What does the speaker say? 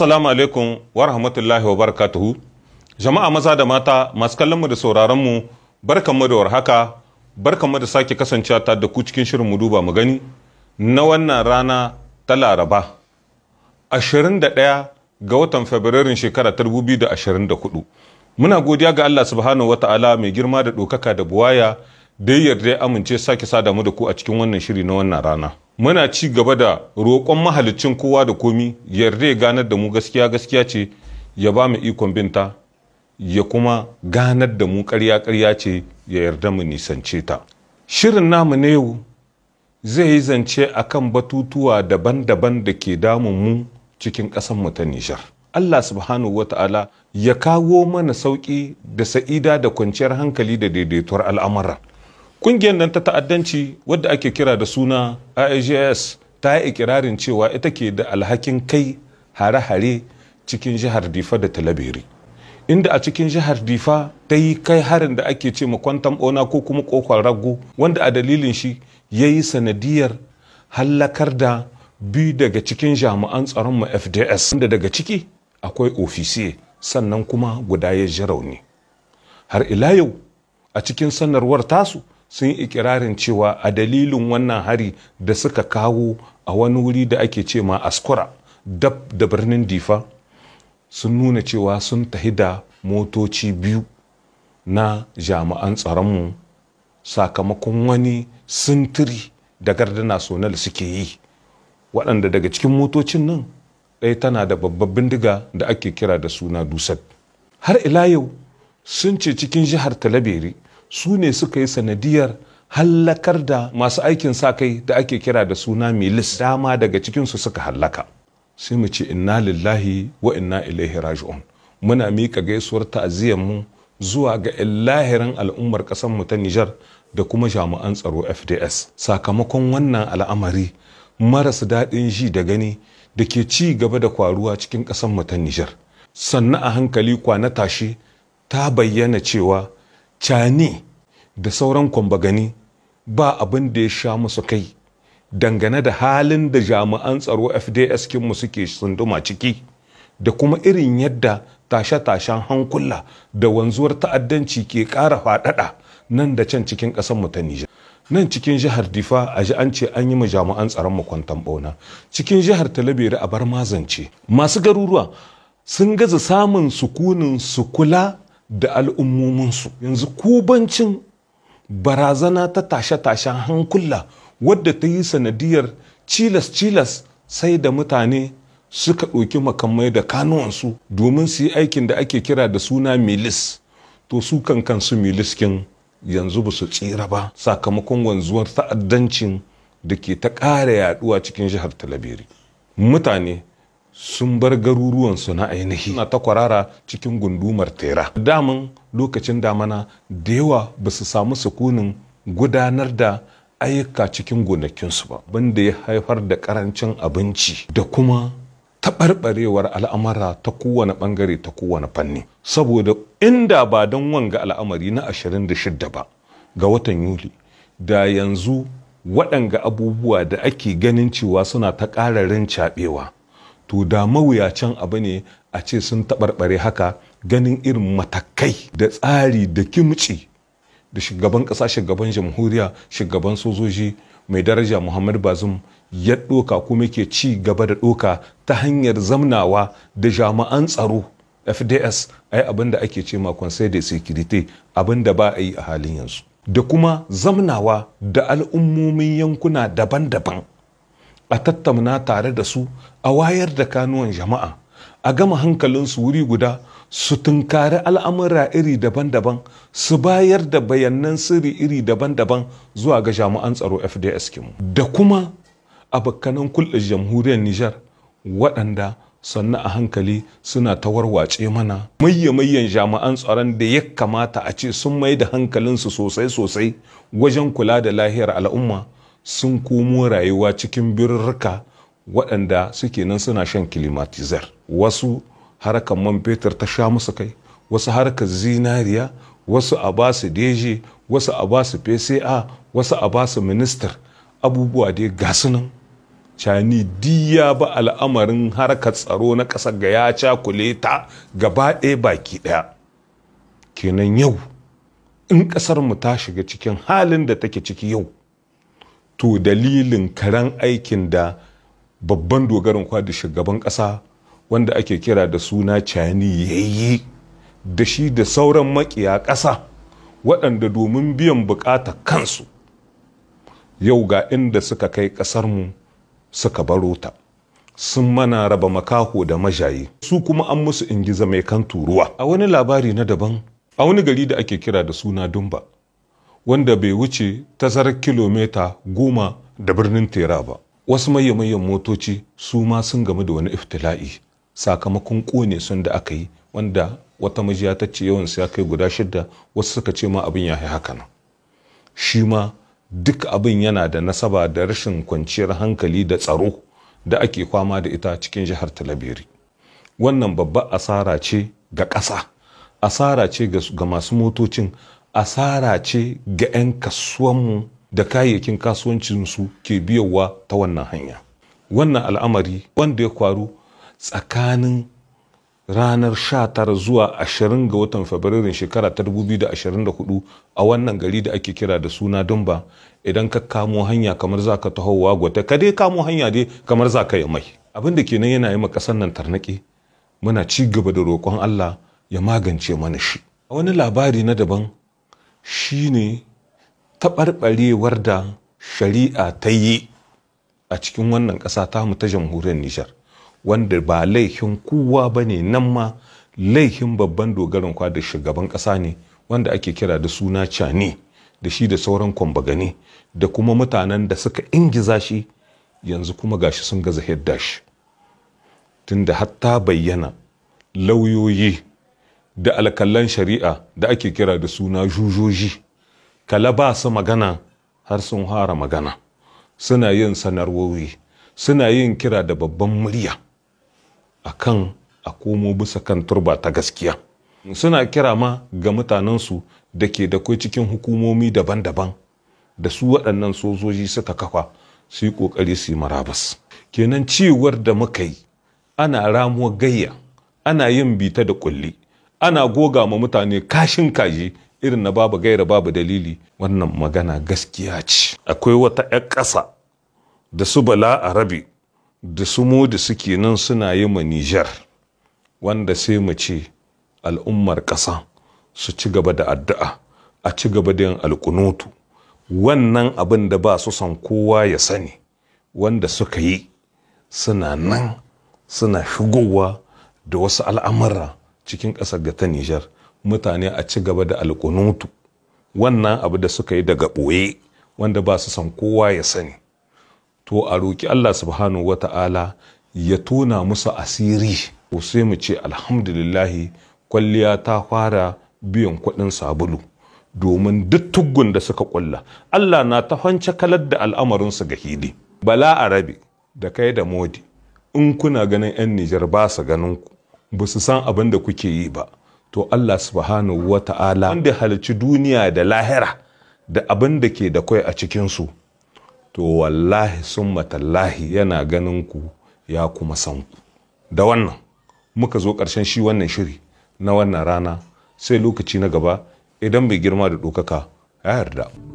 Assalamu alaikum wa rahmatullahi wa barakatuhu. Jama'a maza da mata masu kallonmu da sauraronmu barkanmu da warhaka barkanmu da sake kasancewa ta da ku cikin shirin mu duba mu gani na wannan rana ta Laraba 21 ga watan Fabrairun shekara 2024. Muna godiya ga Allah subhanahu ta'ala mai girma da ɗaukaka da buwaya da ya yarda amince sake sada mu da ku a cikin wannan shiri na wannan rana. muna ci gaba da roƙon mahalicin kowa da komi yarda ya ganar da mu gaskiya gaskiya ce ya ba mu ikon binta ya kuma ganar da mu karya-karya ce ya yarda mu nisance ta shirin namu na yau zai yi zance a kan batutuwa daban-daban da ke damun mu cikin ƙasanmu ta Nijar. Allah subhanahu wa ta'ala ya kawo mana sauƙi da sa'ida da kwanciyar hankali da daidaituwar al'amura. Ƙungiyar nan ta ta'addanci wadda ake kira da suna IAGS ta yi ikirarin cewa ita ke da alhakin kai hare-hare cikin jihar Difa da Talabiri. Inda a cikin jihar Difa ta yi kai harin da ake ce kwantam ona ko kuma kokon rago wanda a dalilin shi ya yi sanadiyar hallakar da bi daga cikin jami'an tsaron mu FDS. Inda daga ciki akwai ofisiye sannan kuma guda ya ji rauni. Har ila yau a cikin sanarwar tasu sun yi ikirarin cewa a dalilin wannan hari da suka kawo a wani wuri da ake ce ma askura dab da birnin difa sun nuna cewa sun tahi da motoci biyu na jami'an tsaronmu sakamakon wani sintiri da garda national suke yi waɗanda daga cikin motocin nan ɗaya tana da babbar bindiga da ake kira da suna dusar. har ila yau sun ce cikin jihar talabere su ne suka yi sanadiyar hallakar da masu aikin sa kai da ake kira da suna milis dama daga cikinsu suka hallaka sai mu ce inna lillahi wa inna ilaihi raji'un muna miƙa gaisuwar mu zuwa ga illahirin al'ummar ƙasar mu ta Nijar da kuma jami'an tsaro FDS sakamakon wannan al'amari maras daɗin ji da gani da ke ci gaba da kwaruwa cikin ƙasar mu ta Nijar sannan a hankali kwana tashi ta bayyana cewa cani da sauran kwambagani ba abin da ya sha musu kai dangane da halin da jami'an tsaro fds kinmu suke sunduma ciki da kuma irin yadda tashe-tashen hankula da wanzuwar ta'addanci ke ƙara faɗaɗa nan da can cikin ƙasarmu ta Nijar. Nan cikin jihar Difa a ji an ce an yi ma jami'an tsaron mu kwantan bauna. Cikin jihar Talabere a bar mazance. Masu garuruwa sun gaza samun sukunin su kula da al'ummominsu yanzu kubancin barazana ta tashe-tashen hankula wadda ta yi sanadiyar cilas-cilas sai da mutane suka ɗauki makamai da kanuwansu domin su yi aikin da ake kira da suna milis to su kan kansu miliskin yanzu ba su tsira ba sakamakon wanzuwar ta'addancin da ke ta ƙara yaduwa cikin jihar talabiri mutane sun bar garuruwan su na ainihi na ta kwarara cikin gundumar tera damin lokacin damana da yawa ba su samu sukunin gudanar da ayyuka cikin gonakinsu ba banda ya haifar da karancin abinci da kuma taɓarɓarewar al'amara ta kowane ɓangare ta kowane fanni saboda inda ba don wanga al'amari na 26 ba ga watan yuli da yanzu waɗanga abubuwa da ake ganin cewa suna ta ƙararin caɓewa to da mawuyacin abu ne a ce sun taɓarɓare haka ganin irin matakai da tsari da kimci da shugaban ƙasa shugaban jamhuriya shugaban sojoji mai daraja muhammad bazum ya ɗoka kuma ke ci gaba da ɗoka ta hanyar zamnawa da jami'an tsaro fds ai abin da ake ce ma conseil de sécurité abin da ba a yi a halin yanzu da kuma zamnawa da al'ummomin yankuna daban-daban a tattauna tare da su a wayar da kanuwan jama'a a gama hankalinsu wuri guda su tunkari al'amura iri daban-daban su bayar da bayanan sirri iri daban-daban zuwa ga jami'an tsaro fds kimu da kuma a abokanan kulɗin jamhuriyar nijar waɗanda sannan a hankali suna ta warwace mana mayyamayyan jami'an tsaron da ya kamata a ce sun mai da hankalinsu sosai-sosai wajen kula da lahiyar al'umma sun komo rayuwa cikin birrika waɗanda suke nan suna shan kilimatizar wasu harkar man fetur ta sha musu kai wasu harkar zinariya wasu a ba su deji wasu a ba su pca wasu a ba su minister abubuwa dai ga nan cani diya ba al'amarin harkar tsaro na ƙasar ga ya cakule ta gaba ɗaya baki ɗaya kenan yau in ƙasar mu ta shiga cikin halin da take ciki yau to dalilin karen aikin da babban dogarin da shugaban ƙasa wanda ake kira da suna cani yayi da shi da sauran makiya ƙasa waɗanda domin biyan bukata kansu yau ga inda suka kai ƙasarmu suka baro ta sun mana raba makaho da majaye su kuma an musu ingiza mai kan turuwa a wani labari na daban a wani gari da ake kira da suna dumba wanda bai wuce tazarar kilomita goma da birnin tera ba wasu mayan motoci su ma sun gamu da wani iftila'i sakamakon kone sun da aka yi wanda wata majiya ta ce yawan ya kai guda shida wasu suka ce ma abin ya yi haka nan shi ma duk abin yana da nasaba da rashin kwanciyar hankali da tsaro da ake kwama da ita cikin jihar talabiri wannan babbar asara ce ga ƙasa asara ce ga masu motocin asara ce ga 'yan kasuwanmu da kayayyakin kasuwancinsu ke biyowa ta wannan hanya wannan al'amari wanda ya kwaru tsakanin ranar 19 zuwa 20 ga watan fabrairun shekara ta 2024 a wannan gari da ake kira da suna dumba idan ka kamo hanya kamar za ka tahowa gwata ka dai kamo hanya dai kamar za ka mai abin da kenan yana yi ma ƙasar nan tarnaƙi muna ci gaba da roƙon allah ya magance mana shi a wani labari na daban Shi ne taɓarɓarewar da shari'a ta yi a cikin wannan ƙasa ta mu ta jamhuriyar Nijar wanda ba laifin kowa ba ne nan ma laifin babban dogaran kwa da shugaban ƙasa ne wanda ake kira da suna cani da shi da sauran kwambagani da kuma mutanen da suka ingiza shi yanzu kuma gashi sun gaza hidda shi tunda hatta bayyana lauyoyi da alkalan shari'a da ake kira da suna jujoji kala ba su magana har sun hara magana suna yin sanarwowi suna yin kira da babban murya a kan a komo bisa kan turba ta gaskiya suna kira ma ga mutanensu da ke da kai cikin hukumomi daban-daban da su waɗannan sojoji suka kafa su yi ƙoƙari su yi marabas kenan ciwar da muka yi ana ramuwa gayya ana yin bita da ƙulli ana goga ma mutane kashin kaji irin na babu gaira babu dalili wannan magana gaskiya ce akwai wata 'yar ƙasa da su bala arabi da su modi suke nan suna yi ma nijar wanda sai mu ce al'ummar ƙasa su ci gaba da addu'a a ci gaba da yin alkunutu wannan abin da ba su san kowa ya sani wanda suka yi suna nan suna shigowa da wasu al'amura cikin ƙasar ga ta Nijar mutane a ci gaba da alƙunutu wannan abu da suka yi daga ɓoye wanda ba su san kowa ya sani to a roƙi Allah subhanahu wa ta'ala ya tona musu asiri ko sai mu ce alhamdulillahi kwalliya ta fara biyan kuɗin sabulu domin duk tuggun da suka ƙulla Allah na ta hanci kalar da al'amarinsu ga hili bala arabi da kai da modi in kuna ganin 'yan nijar ba su ganin ku ba su san abin da kuke yi ba to Allah subhanahu wa ta'ala wanda halarci duniya da lahira da abin da ke da kwai a cikinsu to wallahi sun matallahi yana ganin ku ya kuma san ku da wannan muka zo ƙarshen shi wannan shiri na wannan rana sai lokaci na gaba idan bai girma da dokaka ya yarda.